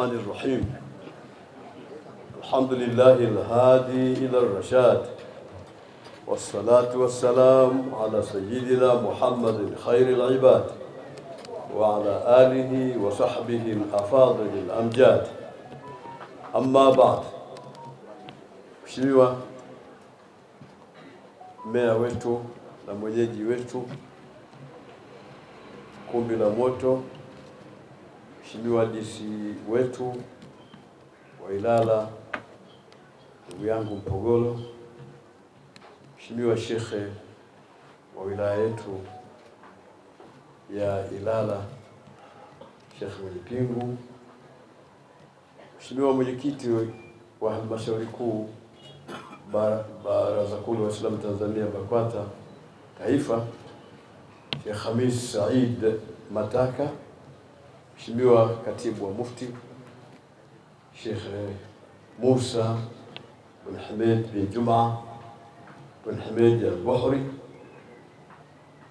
الرحمن الرحيم الحمد لله الهادي إلى الرشاد والصلاة والسلام على سيدنا محمد خير العباد وعلى آله وصحبه الأفاضل الأمجاد أما بعد Mheshimiwa meya wetu na mwenyeji wetu, kumbi la moto Mheshimiwa DC wetu wa Ilala ndugu yangu Mpogolo, Mheshimiwa Shekhe wa wilaya yetu ya Ilala Shekhe Mwenyepingu, Mheshimiwa mwenyekiti wa halmashauri kuu Baraza Kuu la Waislamu Tanzania BAKWATA Taifa, Sheikh Hamis Said Mataka Mheshimiwa Katibu wa Mufti Sheikh eh, Musa bin Hamid bin Juma bin Hamid al-Buhri,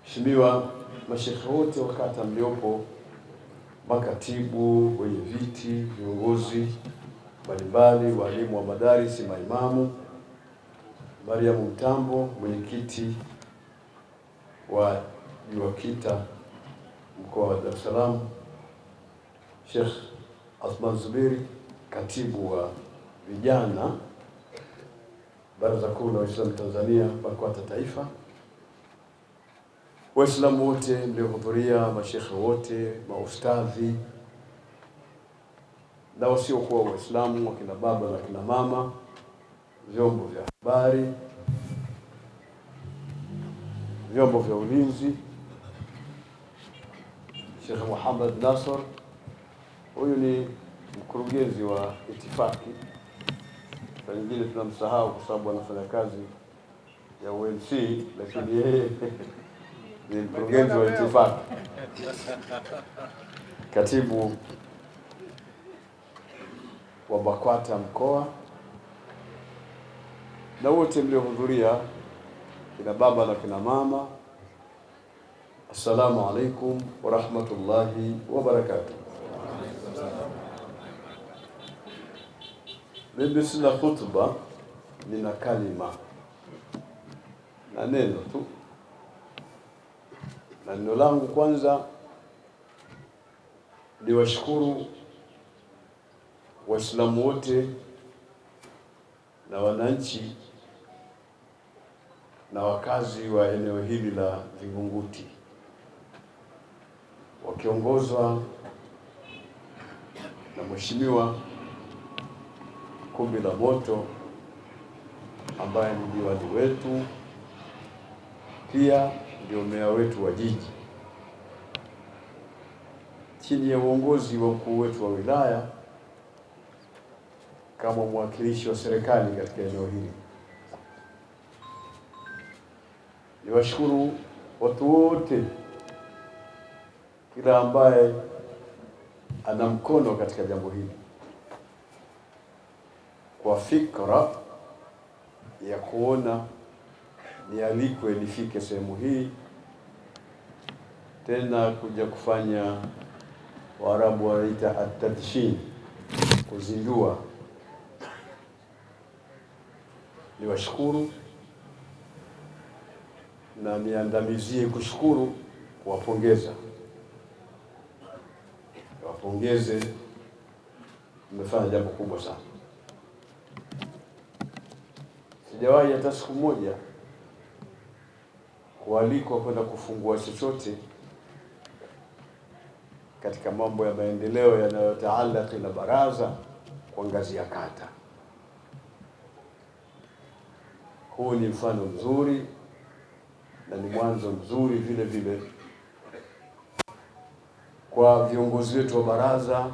Mheshimiwa mashekhe wote wa kata mliopo, makatibu, wenye viti, viongozi mbalimbali, walimu wa madarisi, maimamu, Mariamu Mtambo, mwenyekiti wa juakita mkoa wa Dar es Salaam Sheikh Athman zubiri katibu wa vijana Baraza Kuu la Waislamu Tanzania BAKWATA Taifa, Waislamu wote mliohudhuria, mashekhe wote, maustadhi na wasiokuwa Waislamu, wakina baba na kina mama, vyombo vya habari, vyombo vya ulinzi, Sheikh Muhammad Nasr Huyu ni mkurugenzi wa itifaki, saa nyingine tunamsahau kwa sababu anafanya kazi ya UNC, lakini yeye ni mkurugenzi wa itifaki, katibu wa BAKWATA mkoa na wote mliohudhuria, kina baba na kina mama, assalamu alaikum warahmatullahi wabarakatuh. Mimi sina hotuba, nina kalima na neno tu, na neno langu kwanza ni washukuru Waislamu wote na wananchi na wakazi wa eneo hili la Vingunguti wakiongozwa na Mheshimiwa Kumbi la Moto ambaye ni diwani wetu, pia ndio meya wetu wa jiji. Chini ya uongozi wa mkuu wetu wa wilaya kama mwakilishi wa serikali katika eneo hili, niwashukuru watu wote, kila ambaye ana mkono katika jambo hili kwa fikra ya kuona nialikwe nifike sehemu hii tena kuja kufanya Waarabu wanaita atadshini, kuzindua. Ni washukuru na niandamizie kushukuru, kuwapongeza, wapongeze, mmefanya jambo kubwa sana. Sijawahi hata siku moja kualikwa kwenda kufungua chochote katika mambo ya maendeleo yanayotaalaki na baraza kwa ngazi ya kata. Huu ni mfano mzuri na ni mwanzo mzuri vile vile kwa viongozi wetu wa baraza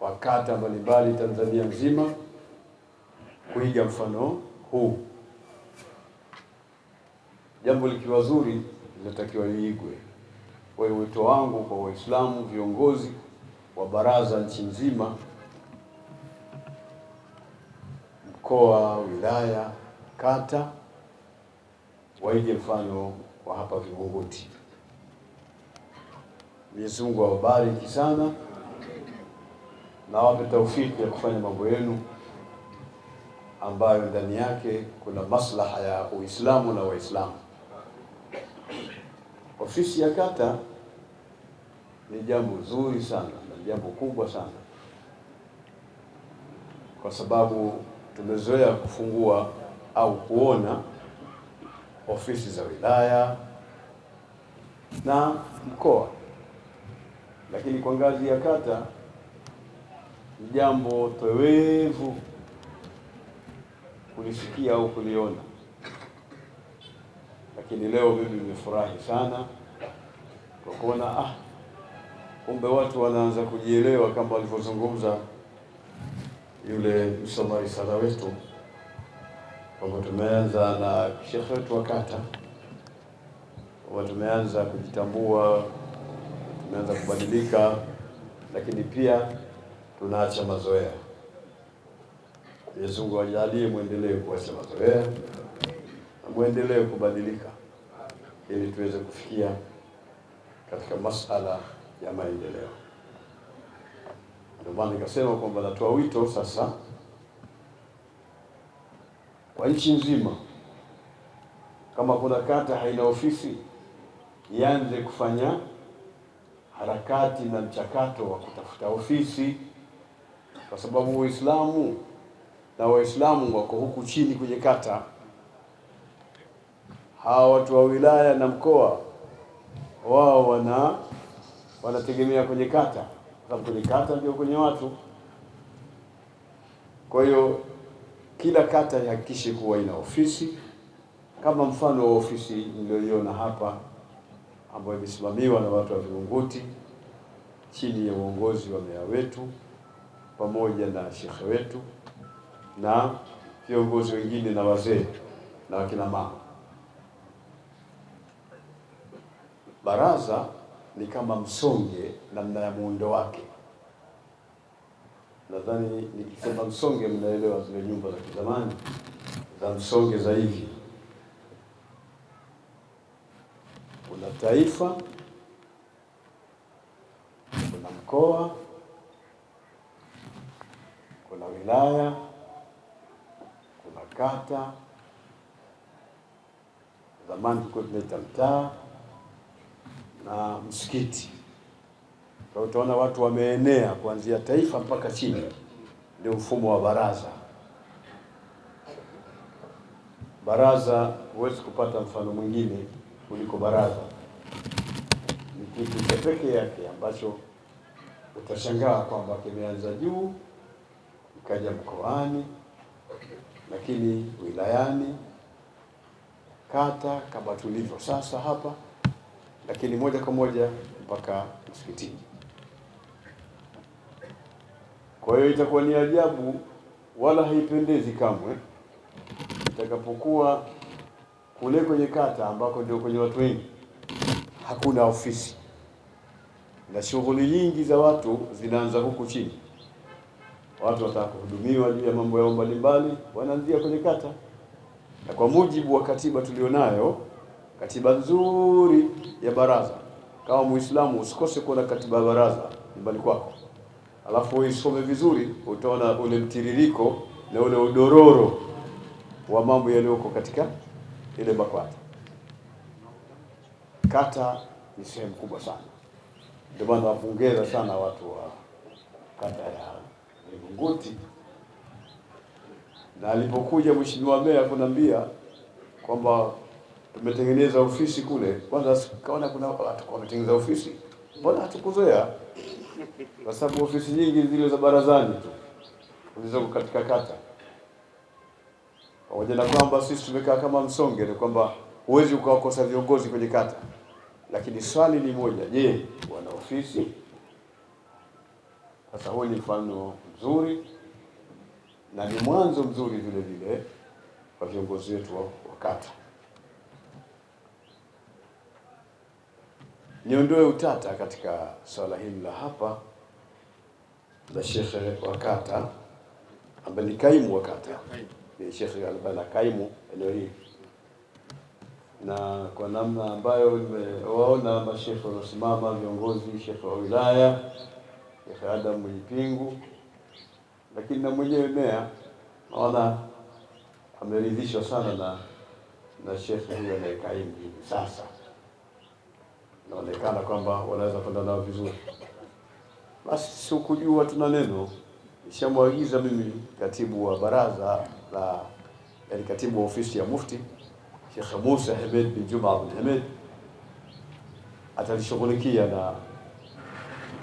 wa kata mbalimbali Tanzania nzima kuiga mfano huu. Jambo likiwa zuri linatakiwa liigwe. Kwa hiyo wito wangu kwa Waislamu, viongozi wa baraza nchi nzima, mkoa, wilaya, kata, waige mfano wa hapa Vingunguti. Mwenyezi Mungu awabariki sana na wape taufiki ya kufanya mambo yenu ambayo ndani yake kuna maslaha ya Uislamu na Waislamu. Ofisi ya kata ni jambo zuri sana na jambo kubwa sana, kwa sababu tumezoea kufungua au kuona ofisi za wilaya na mkoa, lakini kwa ngazi ya kata ni jambo towevu kulisikia au kuliona, lakini leo mimi nimefurahi sana kwa kuona ah, kumbe watu wanaanza kujielewa kama walivyozungumza yule msoma risala wetu kwamba tumeanza na shekhe wetu wa kata, kwamba tumeanza kujitambua, tumeanza kubadilika, lakini pia tunaacha mazoea. Mwenyezi Mungu ajalie mwendelee kuacha mazoea na mwendelee kubadilika ili tuweze kufikia katika masala ya maendeleo. Ndio maana nikasema kwamba natoa wito sasa kwa nchi nzima, kama kuna kata haina ofisi ianze kufanya harakati na mchakato wa kutafuta ofisi, kwa sababu Uislamu na Waislamu wako huku chini kwenye kata. Hawa watu wa wilaya na mkoa wao wana wanategemea kwenye kata, sababu kwenye kata ndio kwenye watu. Kwa hiyo kila kata ihakikishe kuwa ina ofisi kama mfano wa ofisi niliyoiona hapa ambayo imesimamiwa na watu wa Vingunguti chini ya uongozi wa meya wetu pamoja na shekhe wetu na viongozi wengine na wazee na wakina mama. Baraza ni kama msonge namna ya muundo wake. Nadhani nikisema msonge, mnaelewa zile nyumba za kizamani za msonge za hivi. Kuna taifa, kuna mkoa, kuna wilaya kata, zamani tulikuwa tunaita mtaa na msikiti. Kwa hiyo utaona watu wameenea kuanzia taifa mpaka chini, ndio mfumo wa baraza. Baraza huwezi kupata mfano mwingine kuliko baraza. Ni kitu cha pekee yake ambacho utashangaa kwamba kimeanza juu ikaja mkoani lakini wilayani, kata kama tulivyo sasa hapa, lakini moja kwa moja mpaka msikitini. Kwa hiyo itakuwa ni ajabu wala haipendezi kamwe itakapokuwa kule kwenye kata ambako ndio kwenye watu wengi hakuna ofisi na shughuli nyingi za watu zinaanza huku chini watu wataka kuhudumiwa juu ya mambo yao mbalimbali, wanaanzia kwenye kata, na kwa mujibu wa katiba tulionayo, katiba nzuri ya baraza. Kama Muislamu usikose kuona katiba ya baraza nyumbani kwako, alafu uisome vizuri, utaona ule mtiririko na ule udororo wa mambo yaliyoko katika ile BAKWATA. Kata ni sehemu kubwa sana, ndio maana wapongeza sana watu wa kata ya Vingunguti, na alipokuja mheshimiwa meya kunambia kwamba tumetengeneza ofisi kule, kwanza sikaona kuna watu wametengeneza ofisi, mbona hatukuzoea? Kwa sababu ofisi nyingi zile za barazani tu zilizoko katika kata, pamoja na kwamba sisi tumekaa kama msonge, ni kwamba huwezi ukawakosa viongozi kwenye kata, lakini swali ni moja, je, wana ofisi? Sasa huyu ni mfano mzuri na ni mwanzo mzuri vile vile kwa viongozi wetu wa kata. Niondoe utata katika swala hili la hapa la shekhe wa kata ambaye ni kaimu wa kata, ni shekhe ambaye kaimu eneo hili, na kwa namna ambayo nimewaona mashekhe waliosimama, viongozi, shekhe wa wilaya, shekhe Adam Mwijipingu lakini na mwenyewe mea naona ameridhishwa sana na na shekhe huyo anayekaimu hivi sasa, inaonekana kwamba wanaweza kwenda nao vizuri. Basi sikujua tuna neno, nishamwagiza mimi katibu wa baraza la yani, katibu wa ofisi ya mufti Shekhe Musa Hemed bin Juma Abdul Hamed atalishughulikia na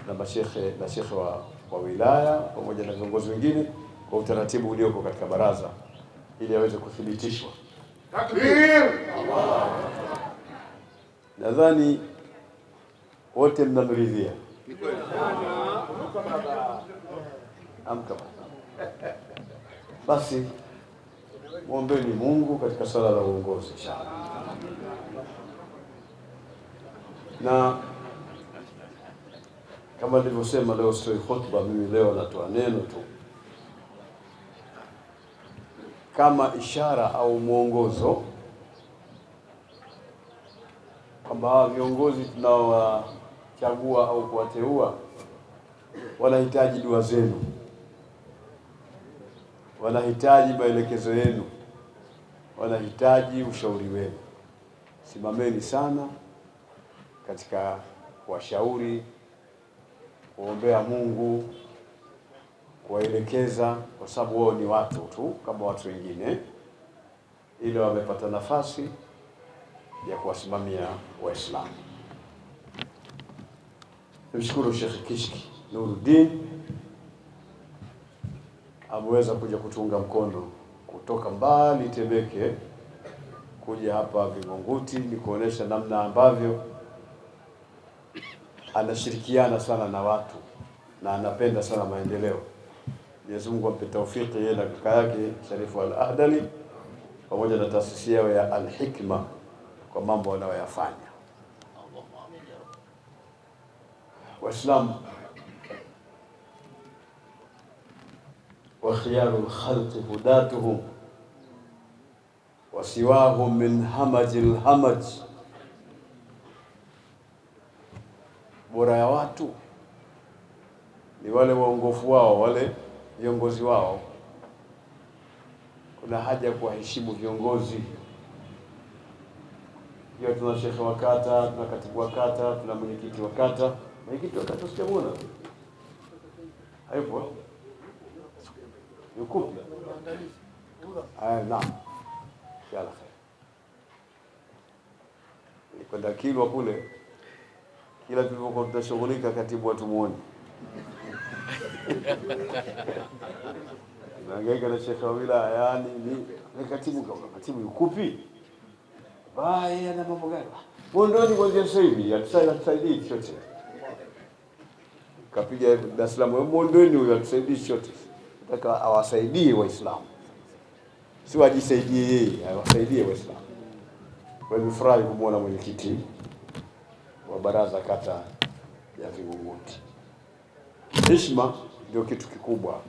na mashekhe na shekhe wa wa wilaya pamoja na viongozi wengine kwa utaratibu ulioko katika baraza ili aweze kuthibitishwa. Takbir! Nadhani wote mnamridhia. Amka basi, mwombeni Mungu katika swala la uongozi na kama nilivyosema, leo sio hotuba mimi, leo natoa neno tu kama ishara au mwongozo kwamba hawa viongozi tunaowachagua au kuwateua wanahitaji dua zenu, wanahitaji maelekezo yenu, wanahitaji ushauri wenu. Simameni sana katika kuwashauri kuombea Mungu, kuwaelekeza, kwa sababu wao ni watu tu kama watu wengine, ili wamepata nafasi ya kuwasimamia Waislamu. Nimshukuru Sheikh Kishki Nuruddin ameweza kuja kutunga mkono kutoka mbali Temeke kuja hapa Vingunguti ni kuonesha namna ambavyo anashirikiana sana na watu na anapenda sana maendeleo. Mwenyezi Mungu ampe taufiki yeye na kaka yake Sharifu Al Ahdali pamoja na taasisi yao ya Al Hikma kwa mambo wanayoyafanya. Waislamu wa khiyarul khalqi hudatuhum wasiwahum min hamaji hamaj bora ya watu ni wale waongofu wao, wale viongozi wao. Kuna haja ya kuwaheshimu viongozi. Hiyo tuna shekhe wa kata, tuna katibu wa kata, tuna mwenyekiti wa kata. Mwenyekiti wa kata sijamuona, hayupo yukupi? Naam, nilikwenda Kilwa kule ila tulivyokuwa tutashughulika, katibu hatumuoni naangaika na shekhe wa wilaya, yani ni katibu katibu yukupi baya ana mambo gani Mondoni kwanzia sasa hivi atusaidii chochote, kapiga Dar es Salaam Mondoni huyo atusaidii chochote, nataka awasaidie Waislamu, si wajisaidie yeye, awasaidie Waislamu. Kwa nimefurahi kumwona mwenyekiti baraza kata ya Vingunguti. Heshima ndio kitu kikubwa.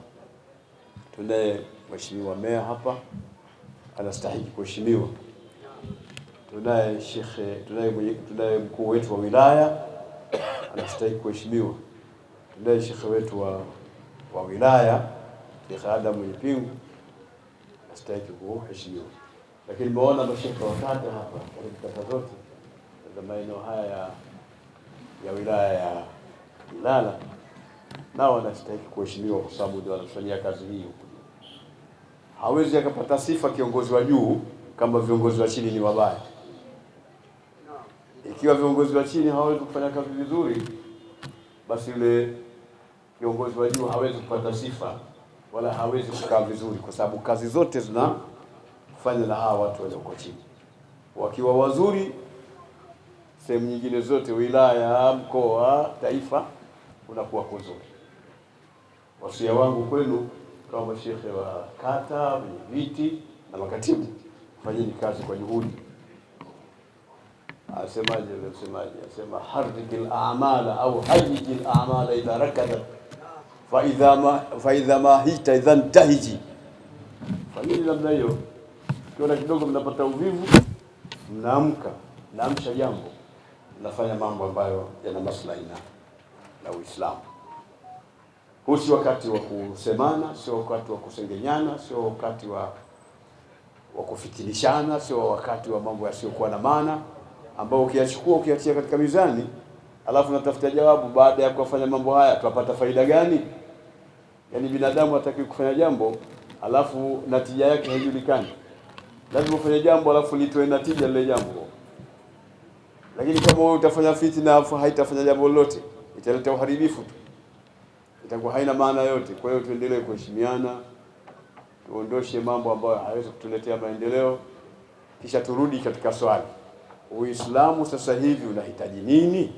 Tunaye mheshimiwa meya hapa, anastahili kuheshimiwa. Tunaye shekhe, tunaye mkuu wetu wa wilaya, anastahili kuheshimiwa. Tunaye shekhe wetu wa, wa wilaya Shekhe mwenye pingu anastahili kuheshimiwa. Lakini meona mashekhe wakata hapa katika kata zote za maeneo haya ya ya wilaya ya Ilala nao wanastahili kuheshimiwa kwa sababu ndio wanafanyia kazi hii huko. Hawezi akapata sifa kiongozi wa juu kama viongozi wa chini ni wabaya. Ikiwa viongozi wa chini hawawezi kufanya kazi vizuri, basi yule kiongozi wa juu hawezi kupata sifa wala hawezi kukaa vizuri, kwa sababu kazi zote zinafanywa na hawa watu walioko chini, wakiwa wazuri sehemu nyingine zote, wilaya, mkoa, taifa, unakuwa kuzuri. Wasia wangu kwenu kama mashehe wa kata, viti na makatibu, fanyeni kazi kwa juhudi. Asemaje msemaji? Asema harrikil a'mala au hayyijil a'mala idha rakadat fa idha ma fa idha ma hita idha ntahiji. Fanyeni namna hiyo, kiona kidogo mnapata uvivu, mnaamka, naamsha jambo nafanya mambo ambayo yana maslahi na Uislamu. Huu si wakati wa kusemana, sio wakati wa kusengenyana, sio wakati wa wa kufitinishana, sio wakati wa mambo yasiyokuwa na maana ambayo ukiyachukua ukiachia katika mizani, alafu natafuta jawabu baada ya kufanya mambo haya tutapata faida gani? Yaani binadamu hataki kufanya jambo alafu natija yake haijulikani. Lazima ufanye jambo alafu litoe natija lile jambo lakini kama wewe utafanya fitina afu haitafanya jambo lolote, italeta uharibifu tu, itakuwa haina maana yote. Kwa hiyo tuendelee kuheshimiana, tuondoshe mambo ambayo hayawezi kutuletea maendeleo, kisha turudi katika swali, Uislamu sasa hivi unahitaji nini?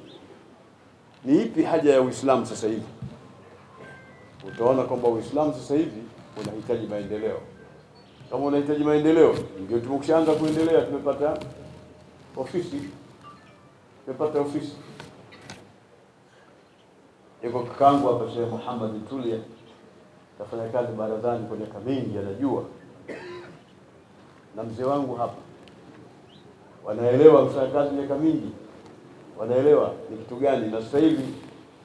Ni ipi haja ya Uislamu sasa hivi? Utaona kwamba Uislamu sasa hivi unahitaji maendeleo. Kama unahitaji maendeleo, ndio tumekushaanza kuendelea, tumepata ofisi nipate ofisi yuko kakangu hapa Sheikh Muhammad Tulia tafanya kazi barazani kwa miaka mingi, anajua na mzee wangu hapa, wanaelewa kufanya kazi miaka mingi, wanaelewa ni kitu gani. Na sasa hivi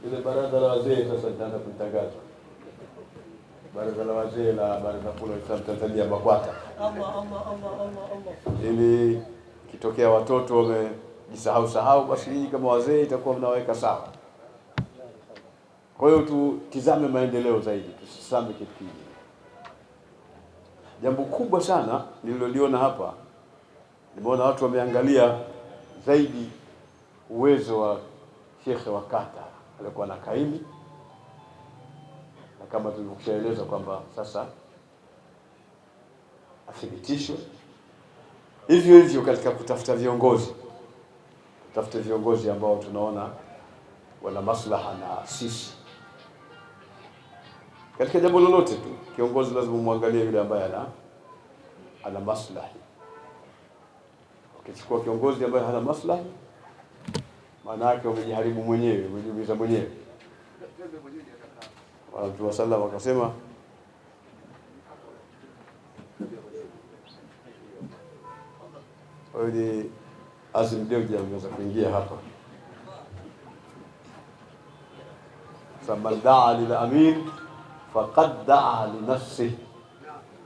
ile baraza la wazee sasa litaanza kuitangaza baraza la wazee la Baraza Kuu la Waislamu Tanzania BAKWATA, ili kitokea watoto wame jisahau sahau, basi nyinyi kama wazee itakuwa mnaweka sawa. Kwa hiyo tutizame maendeleo zaidi, tusisame kitu kingine. Jambo kubwa sana nililoliona hapa, nimeona watu wameangalia zaidi uwezo wa shekhe wa kata alikuwa na kaimi, na kama tulivyokushaeleza kwamba sasa athibitishwe hivyo hivyo katika kutafuta viongozi tutafute viongozi ambao tunaona wana maslaha na sisi katika jambo lolote tu. Kiongozi lazima umwangalie yule ambaye ana ana maslahi. Ukichukua kiongozi ambaye hana maslahi, maana yake umejiharibu mwenyewe, umejiumiza mwenyewe. Mtume sallam akasema ni Azim Dewji ameweza kuingia hapa. Faman daa lilamin faqad daa linafsi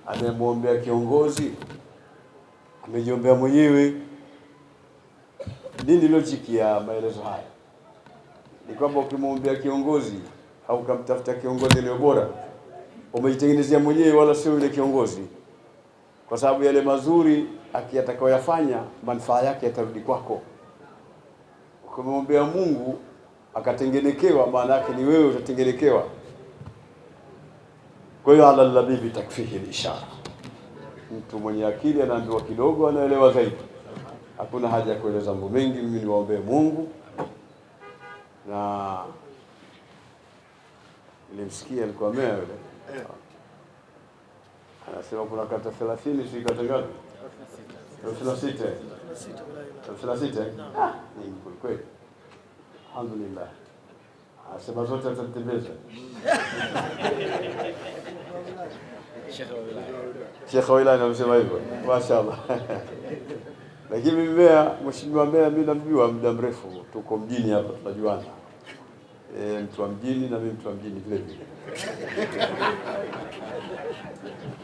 anayemwombea kiongozi amejiombea mwenyewe. Nini logic ya maelezo haya? Ni kwamba ukimwombea kiongozi au ukamtafuta kiongozi aliyo bora, umejitengenezea mwenyewe, wala sio yule kiongozi, kwa sababu yale mazuri atakayoyafanya manufaa yake yatarudi kwako. Ukimwombea Mungu akatengenekewa, maana yake ni wewe utatengenekewa. Kwa hiyo ala labibi takfihi lishara mtu mwenye akili anaambiwa kidogo, anaelewa zaidi. Hakuna haja ya kueleza mambo mengi. Mimi niwaombee Mungu na nilimsikia alikuwa mea yule eh. anasema kuna kata 30 si elfu na sita Alhamdulillah, asema zote atatembeza Sheikh Wailani amesema hivyo, mashaallah. Lakini Mbeya, mheshimiwa mea mimi namjua muda mrefu, tuko mjini hapa tunajuana. E, mtu wa mjini na mimi mtu wa mjini vile vile,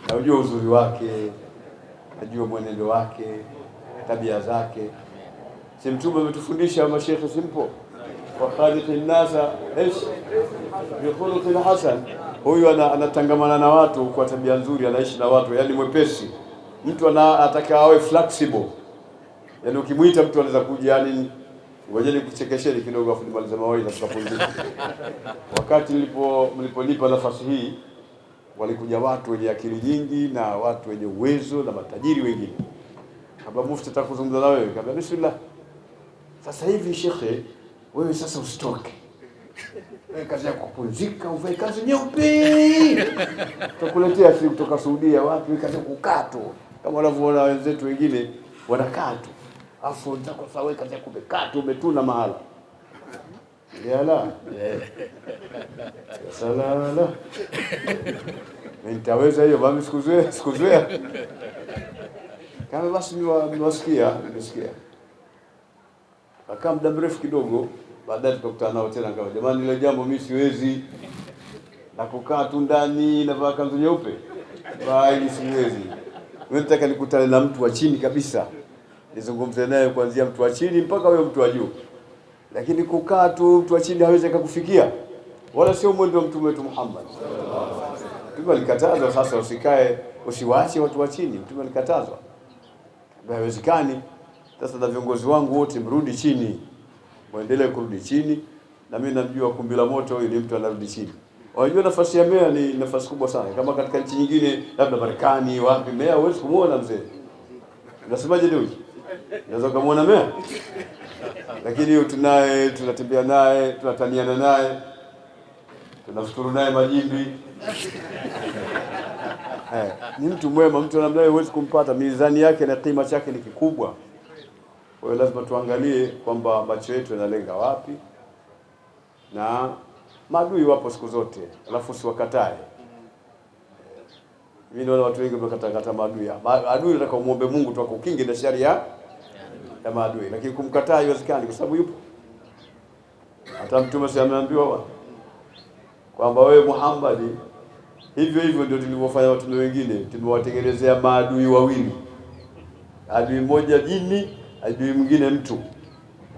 najua uzuri wake ajue mwenendo wake, tabia zake. Si Mtume ametufundisha mashekhe, simpo wakhaliqi nnasa bikhuluqin hasan. Huyu anatangamana na watu kwa tabia nzuri, anaishi na watu, yani mwepesi. Mtu anataka awe flexible, yaani ukimwita mtu anaweza kuja, yaani wajeni kuchekesheni kidogo, afu nimalize mawaidha tukapumzika. Wakati mliponipa nafasi hii walikuja watu wenye akili nyingi na watu wenye uwezo na matajiri wengine. Kabla mufti atakuzungumza na wewe, kabla bismillah. Sasa hivi shekhe, wewe sasa usitoke. Wewe kazi yako kupumzika, uvae kazi nyeupe. Tutakuletea si kutoka Saudia wapi, kazi kukaa tu. Kama wanavyoona wenzetu wengine wanakaa tu. Afu kwa sababu kazi yako umekaa tu umetuna mahala. Yala. Sasa la la. Nitaweza hiyo bami sikuzoea, sikuzoea. Kama basi niwasikia, nimesikia. Akaa muda mrefu kidogo, baadaye tukakutana nao tena ngao. Jamani, ile jambo mimi siwezi. Na kukaa tu ndani na vaa kanzu nyeupe. Bali siwezi. Mimi nataka nikutane na mtu wa chini kabisa. Nizungumze naye kuanzia mtu wa chini mpaka huyo mtu wa juu lakini kukaa tu mtu achini hawezi kukufikia, wala sio mwendo wa mtume wetu Muhammad. Mtume alikatazwa sasa, usikae usiwaache watu wa chini. Mtume alikatazwa, haiwezekani. Sasa na viongozi wangu wote mrudi chini, muendelee kurudi chini, na mimi namjua kumbi la moto ili mtu anarudi chini. Unajua nafasi ya meya ni nafasi kubwa sana, kama katika nchi nyingine labda Marekani, wapi meya huwezi kumuona mzee. Unasemaje? Ndio, unaweza kumuona meya lakini huyu tunaye, tunatembea naye, tunataniana naye, tunafuturu naye majimbi eh, ni mtu mwema, mtu namna hiyo huwezi kumpata. Mizani yake na kima chake ni kikubwa. Kwa hiyo lazima tuangalie kwamba macho yetu yanalenga wapi, na maadui wapo siku zote, alafu siwakatae. Mimi naona watu wengi wamekatakata maadui. Maadui nataka umwombe Mungu tu akukinge na sharia ya ya maadui, lakini kumkataa haiwezekani kwa sababu yupo. Hata Mtume si ameambiwa kwamba wewe Muhammad, hivyo hivyo ndio tulivyofanya watume wengine, tumewatengenezea maadui wawili, adui mmoja jini, adui mwingine mtu.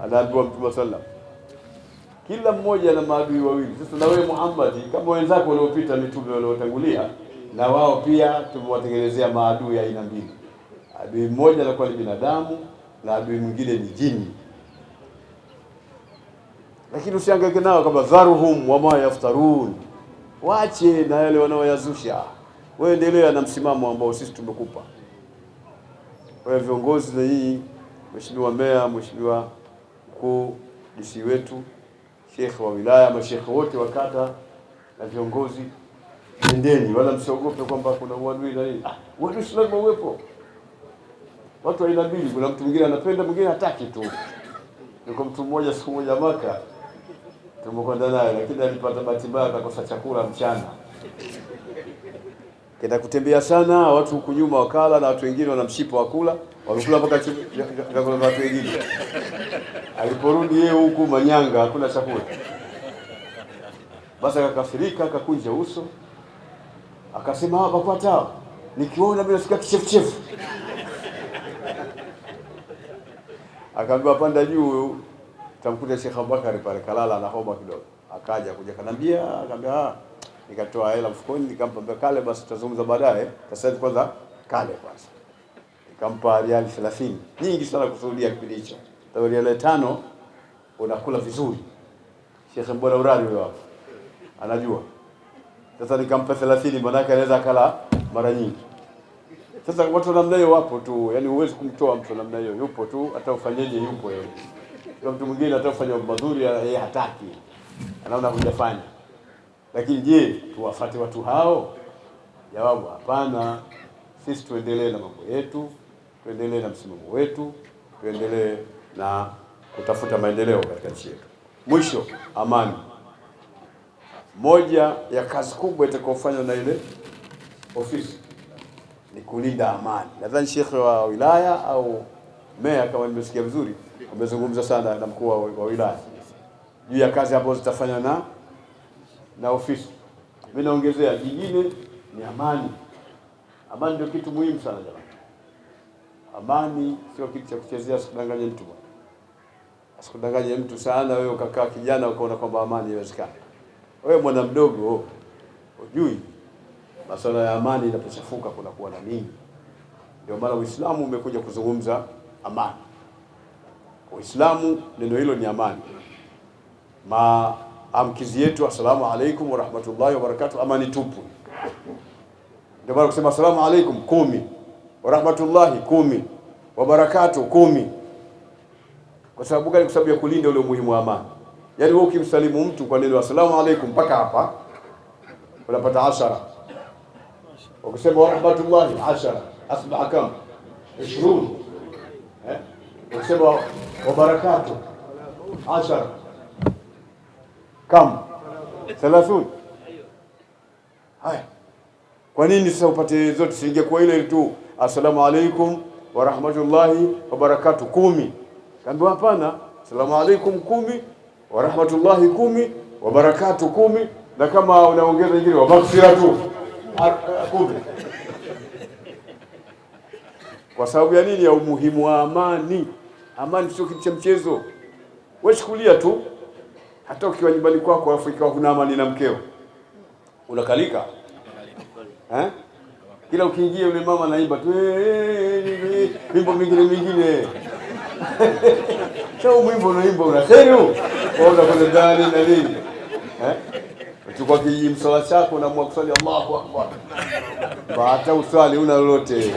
Anaambiwa Mtume sallam, kila mmoja na maadui wawili. Sasa na wewe Muhammad, kama wenzako waliopita mitume waliotangulia, na wao pia tumewatengenezea maadui aina mbili, adui mmoja anakuwa ni binadamu na adui mwingine ni jini, lakini usiangaike nao kama dharuhum wama yaftarun, wache na yale wanaoyazusha. Wewe endelea na msimamo ambao sisi tumekupa wewe, viongozi na hii, mheshimiwa meya, mheshimiwa mkuu DC wetu, shekhe wa wilaya, mashekhe wote wa kata na viongozi, endeni wala msiogope kwamba kuna uadui na hii. Ah, uadui lazima uwepo watu wa aina mbili, kuna mtu mwingine anapenda, mwingine hataki tu. Niko mtu mmoja siku moja Maka tumekwenda naye, lakini alipata bahati mbaya akakosa chakula mchana, kenda kutembea sana, watu huku nyuma wakala na watu wengine wana mshipa wa kula, wamekula mpaka chakula watu wengine. Aliporudi yeye huku manyanga hakuna chakula, basi akakafirika, akakunja uso, akasema hapa kwa tao, nikiona mimi nasikia kichefuchefu Akaambiwa panda juu huyu tamkuta Sheikh Abubakar pale kalala na homa kidogo. Akaja kuja kanambia, akaambia ah, nikatoa hela mfukoni nikampa kale, basi tutazungumza baadaye. Sasa hivi kwanza kale kwanza. Nikampa riali 30. Nyingi sana kusudia kipindi hicho. Tawe riali 5 unakula vizuri. Sheikh Mbona Urari huyo hapo. Anajua. Sasa nikampa 30 maana yake anaweza kala mara nyingi. Sasa watu namna hiyo wapo tu, yani huwezi kumtoa mtu namna hiyo, yupo tu, hata ufanyeje, yupo yeye. Kwa mtu mwingine hata ufanye mazuri yeye hataki, anaona hujafanya. Lakini je, tuwafate watu hao? Jawabu hapana. Sisi tuendelee na mambo yetu, tuendelee na msimamo wetu, tuendelee na kutafuta maendeleo katika nchi yetu. Mwisho, amani. Moja ya kazi kubwa itakayofanywa na ile ofisi ni kulinda amani. Nadhani shekhe wa wilaya au meya, kama nimesikia vizuri, amezungumza sana na mkuu wa wilaya juu ya kazi ambazo zitafanywa na na ofisi. Mimi naongezea jingine ni amani. Amani ndio kitu muhimu sana jamani. Amani sio kitu cha kuchezea, sikudanganye mtu bwana. Sikudanganye mtu sana wewe ukakaa kijana ukaona kwamba amani haiwezekani. Wewe mwana mdogo oh, masuala ya amani inapochafuka kunakuwa na nini? Ndio maana Uislamu umekuja kuzungumza amani. Uislamu neno hilo ni amani. Maamkizi yetu asalamu alaikum warahmatullahi wabarakatuh, amani tupu. Ndio maana kusema asalamu alaikum kumi, warahmatullahi kumi, wabarakatu kumi. Kwa sababu gani? Kwa sababu ya kulinda ule umuhimu wa amani. Yaani wewe ukimsalimu mtu kwa neno asalamu alaikum mpaka hapa unapata ashara wakisema warahmatullahi ashara asbaha kama ishirini, eh, wakisema wabarakatu ashara kam thalathini. Haya, kwa nini sasa upate zote? Singekuwa ile tu assalamu alaikum warahmatullahi wabarakatu kumi. Kaambiwa hapana, assalamu alaikum kumi, warahmatullahi kumi, wabarakatu kumi, na kama unaongeza ingine wabaksira tu kumi kwa sababu ya nini? Ya umuhimu wa amani. Amani sio kitu cha mchezo, weshukulia tu. Hata ukiwa nyumbani kwako alafu ikawa kuna amani na mkeo, unakalika eh? Kila ukiingia yule mama naimba tu wimbo ee, mingine mingine cha mwimbo unaimba unasenu unakwenda ndani na nini eh? Chukua kijimswala chako na mwakuswali Allahu Akbar. Hata uswali una lolote.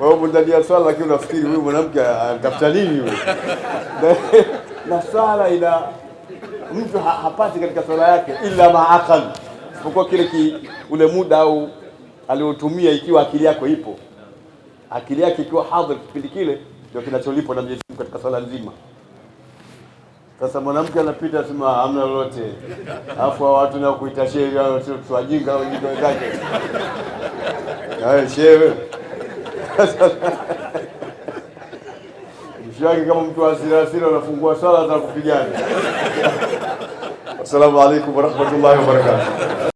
Wewe ya swala lakini unafikiri huyu mwanamke anatafuta nini huyu? Na swala ina mtu hapati katika swala yake ila maakal, isipokuwa kile ki, ule muda au aliotumia, ikiwa akili yako ipo, akili yake ikiwa hadhir kipindi kile, ndio kinacholipwa na Mwenyezi Mungu katika swala nzima. Sasa mwanamke anapita sema hamna lolote, alafu watu na kuita shehe, wao sio tuwajinga wengine wenzake na shehe mshaki kama mtu asira asira, anafungua sala za kupigana. Asalamu alaykum wa rahmatullahi wa barakatuh.